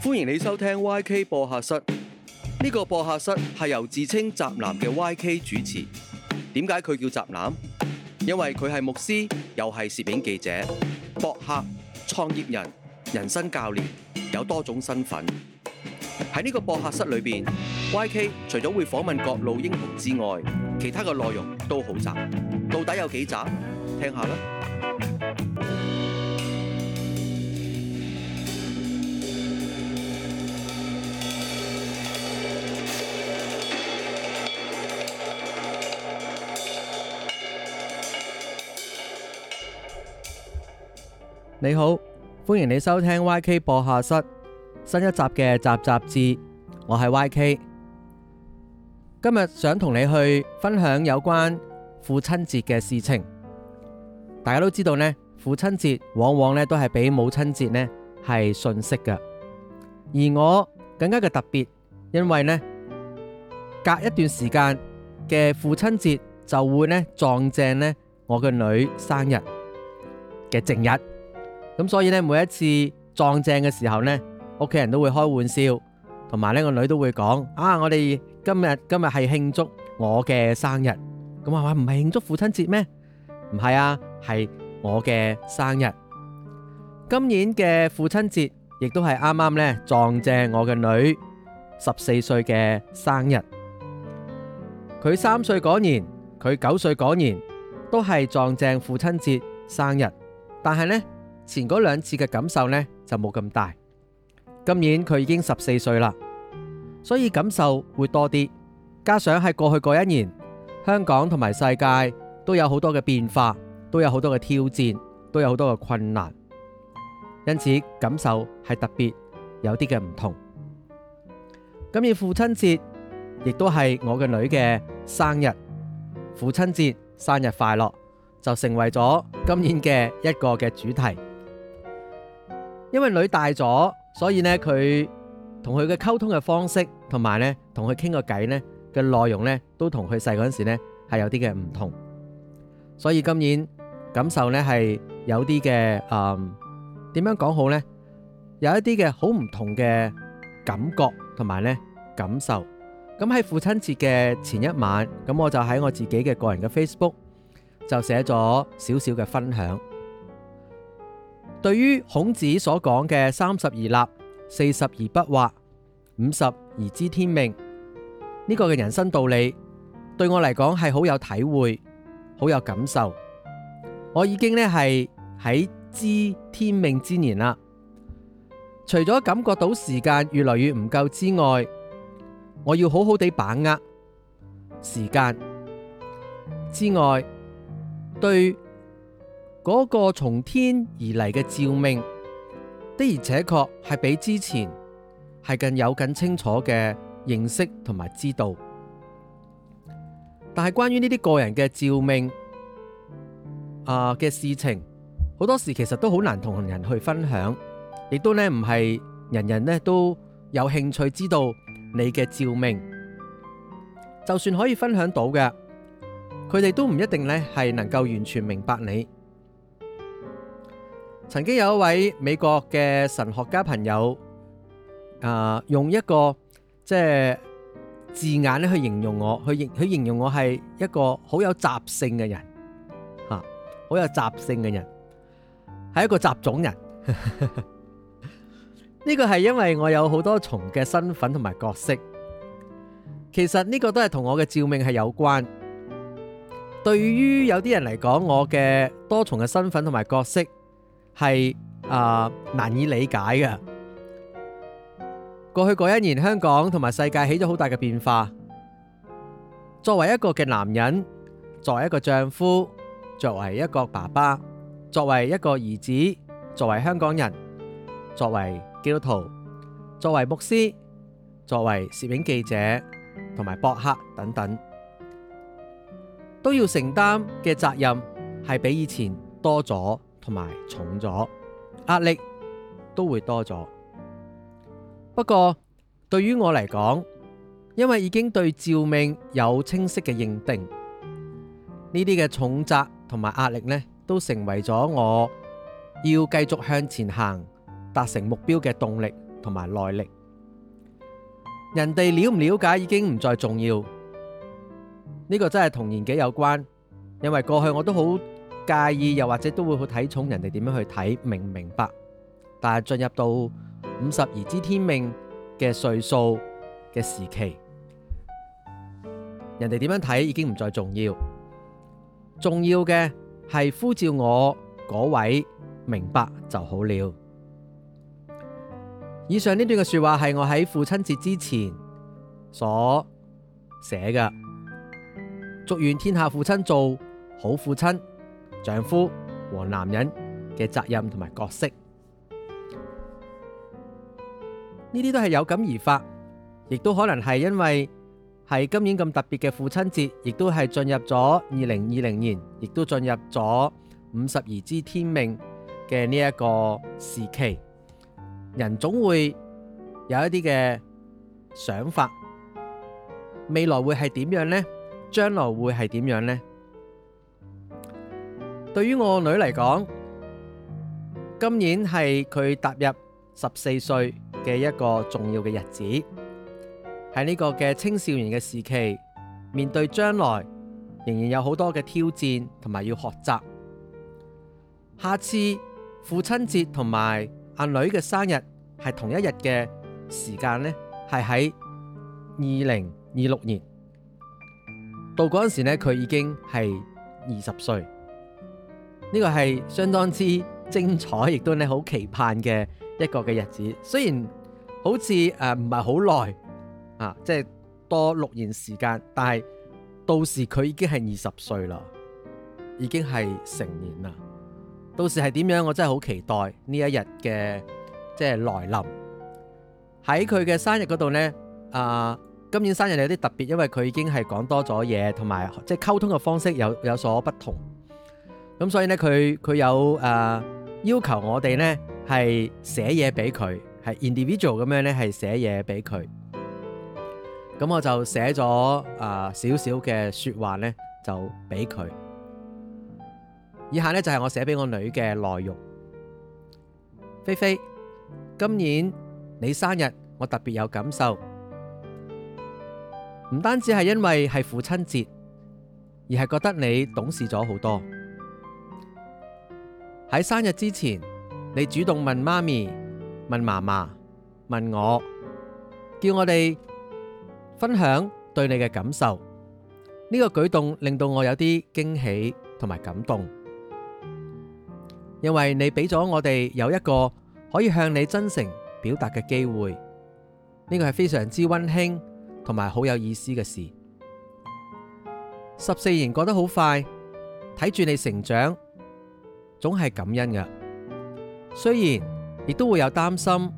歡迎你收聽 YK 播客室，呢、這個播客室係由自稱宅男嘅 YK 主持。點解佢叫宅男？因為佢係牧師，又係攝影記者、博客、創業人、人生教練，有多種身份。喺呢個播客室裏邊，YK 除咗會訪問各路英雄之外，其他嘅內容都好宅。到底有幾宅？聽下啦。你好，歡迎你收聽 YK 播客室新一集嘅集集誌。我係 YK，今日想同你去分享有關父親節嘅事情。大家都知道咧，父親節往往咧都係比母親節呢係遜色嘅。而我更加嘅特別，因為呢隔一段時間嘅父親節就會呢撞正呢我嘅女生日嘅正日。咁所以呢，每一次撞正嘅時候呢，屋企人都會開玩笑，同埋呢個女都會講：啊，我哋今日今日係慶祝我嘅生日，咁啊嘛，唔係慶祝父親節咩？唔係啊，係我嘅生日。今年嘅父親節亦都係啱啱呢撞正我嘅女十四歲嘅生日。佢三歲嗰年，佢九歲嗰年都係撞正父親節生日，但係呢，前嗰兩次嘅感受呢，就冇咁大，今年佢已經十四歲啦，所以感受會多啲。加上喺過去嗰一年，香港同埋世界都有好多嘅變化，都有好多嘅挑戰，都有好多嘅困難，因此感受係特別有啲嘅唔同。今日父親節亦都係我嘅女嘅生日，父親節生日快樂就成為咗今年嘅一個嘅主題。因為女大咗，所以呢佢同佢嘅溝通嘅方式，同埋呢同佢傾個偈呢嘅內容呢，都同佢細嗰陣時呢係有啲嘅唔同，所以今年感受呢係有啲嘅誒點樣講好呢？有一啲嘅好唔同嘅感覺同埋呢感受。咁喺父親節嘅前一晚，咁我就喺我自己嘅個人嘅 Facebook 就寫咗少少嘅分享。對於孔子所講嘅三十而立、四十而不惑、五十而知天命呢個嘅人生道理，對我嚟講係好有體會、好有感受。我已經咧係喺知天命之年啦。除咗感覺到時間越來越唔夠之外，我要好好地把握時間之外，對。嗰、那個從天而嚟嘅召命的而且確係比之前係更有，更清楚嘅認識同埋知道。但係關於呢啲個人嘅召命啊，嘅事情，好多時其實都好難同人去分享，亦都咧唔係人人咧都有興趣知道你嘅召命。就算可以分享到嘅，佢哋都唔一定咧係能夠完全明白你。曾經有一位美國嘅神學家朋友，啊、呃，用一個即字眼去形容我，去形，去形容我係一個好有雜性嘅人，吓，好有雜性嘅人，係一個雜種人。呢 個係因為我有好多重嘅身份同埋角色。其實呢個都係同我嘅召命係有關。對於有啲人嚟講，我嘅多重嘅身份同埋角色。係啊，難以理解嘅。過去嗰一年，香港同埋世界起咗好大嘅變化。作為一個嘅男人，作為一個丈夫，作為一個爸爸，作為一個兒子，作為香港人，作為基督徒，作為牧師，作為攝影記者，同埋博客等等，都要承擔嘅責任係比以前多咗。同埋重咗壓力都會多咗，不過對於我嚟講，因為已經對召命有清晰嘅認定，呢啲嘅重責同埋壓力呢，都成為咗我要繼續向前行，達成目標嘅動力同埋耐力。人哋了唔了解已經唔再重要，呢、這個真係同年紀有關，因為過去我都好。介意又或者都會好睇重人哋點樣去睇，明唔明白？但係進入到五十而知天命嘅歲數嘅時期，人哋點樣睇已經唔再重要，重要嘅係呼召我嗰位明白就好了。以上呢段嘅說話係我喺父親節之前所寫嘅，祝願天下父親做好父親、丈夫和男人嘅責任同埋角色，呢啲都係有感而發，亦都可能係因為係今年咁特別嘅父親節，亦都係進入咗二零二零年，亦都進入咗五十而知天命嘅呢一個時期，人總會有一啲嘅想法，未來會係點樣呢？將來會係點樣呢？對於我女嚟講，今年係佢踏入十四歲嘅一個重要嘅日子，喺呢個嘅青少年嘅時期，面對將來仍然有好多嘅挑戰同埋要學習。下次父親節同埋阿女嘅生日係同一日嘅時間呢，係喺二零二六年。到嗰陣時呢，佢已經係二十歲。呢個係相當之精彩，亦都咧好期盼嘅一個嘅日子。雖然好似誒唔係好耐啊，即係多六年時間，但係到時佢已經係二十歲啦，已經係成年啦。到時係點樣，我真係好期待呢一日嘅即係來臨。喺佢嘅生日嗰度呢，啊，今年生日有啲特別，因為佢已經係講多咗嘢，同埋即係溝通嘅方式有有所不同。咁所以咧，佢佢有誒、呃、要求我哋咧，係寫嘢俾佢，係 individual 咁樣咧，係寫嘢俾佢。咁我就寫咗誒少少嘅説話咧，就俾佢。以下咧就係、係、我寫俾我女嘅內容。菲 菲，今年你生日，我特別有感受。唔單止係因為係父親節，而係覺得你懂事咗好多。喺生日之前，你主動問媽咪、問媽媽、問我，叫我哋分享對你嘅感受。呢個舉動令到我有啲驚喜同埋感動，因為你俾咗我哋有一個可以向你真誠表達嘅機會。呢個係非常之温馨同埋好有意思嘅事。十四年過得好快，睇住你成長。總係感恩嘅，雖然亦都會有擔心、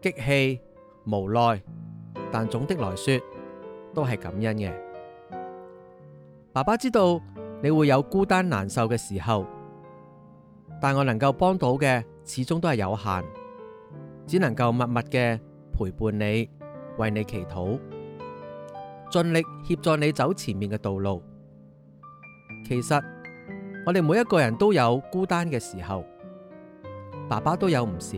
激氣、無奈，但總的來說都係感恩嘅。爸爸知道你會有孤單難受嘅時候，但我能夠幫到嘅始終都係有限，只能夠默默嘅陪伴你，為你祈禱，盡力協助你走前面嘅道路。其實。我哋每一個人都有孤單嘅時候，爸爸都有唔少，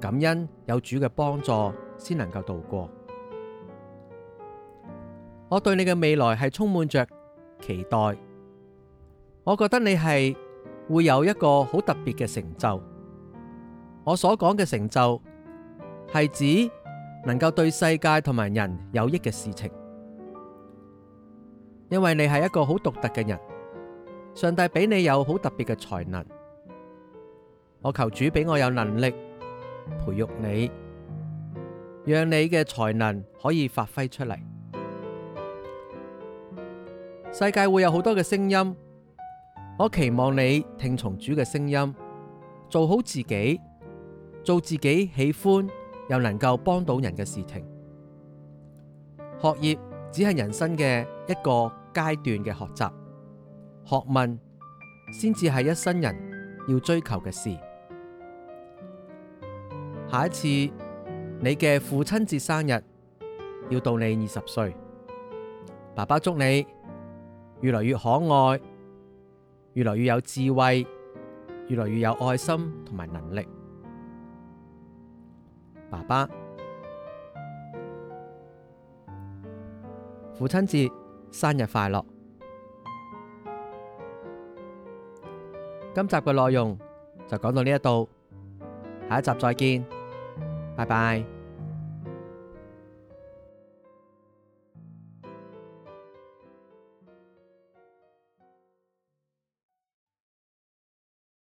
感恩有主嘅幫助先能夠度過。我對你嘅未來係充滿着期待，我覺得你係會有一個好特別嘅成就。我所講嘅成就係指能夠對世界同埋人有益嘅事情，因為你係一個好獨特嘅人。上帝俾你有好特別嘅才能，我求主俾我有能力培育你，讓你嘅才能可以發揮出嚟。世界會有好多嘅聲音，我期望你聽從主嘅聲音，做好自己，做自己喜歡又能夠幫到人嘅事情。學業只係人生嘅一個階段嘅學習。學問先至係一生人要追求嘅事。下一次你嘅父親節生日要到你二十歲，爸爸祝你越嚟越可愛，越嚟越有智慧，越嚟越有愛心同埋能力。爸爸，父親節生日快樂！今集嘅內容就講到呢度，下一集再見，拜拜。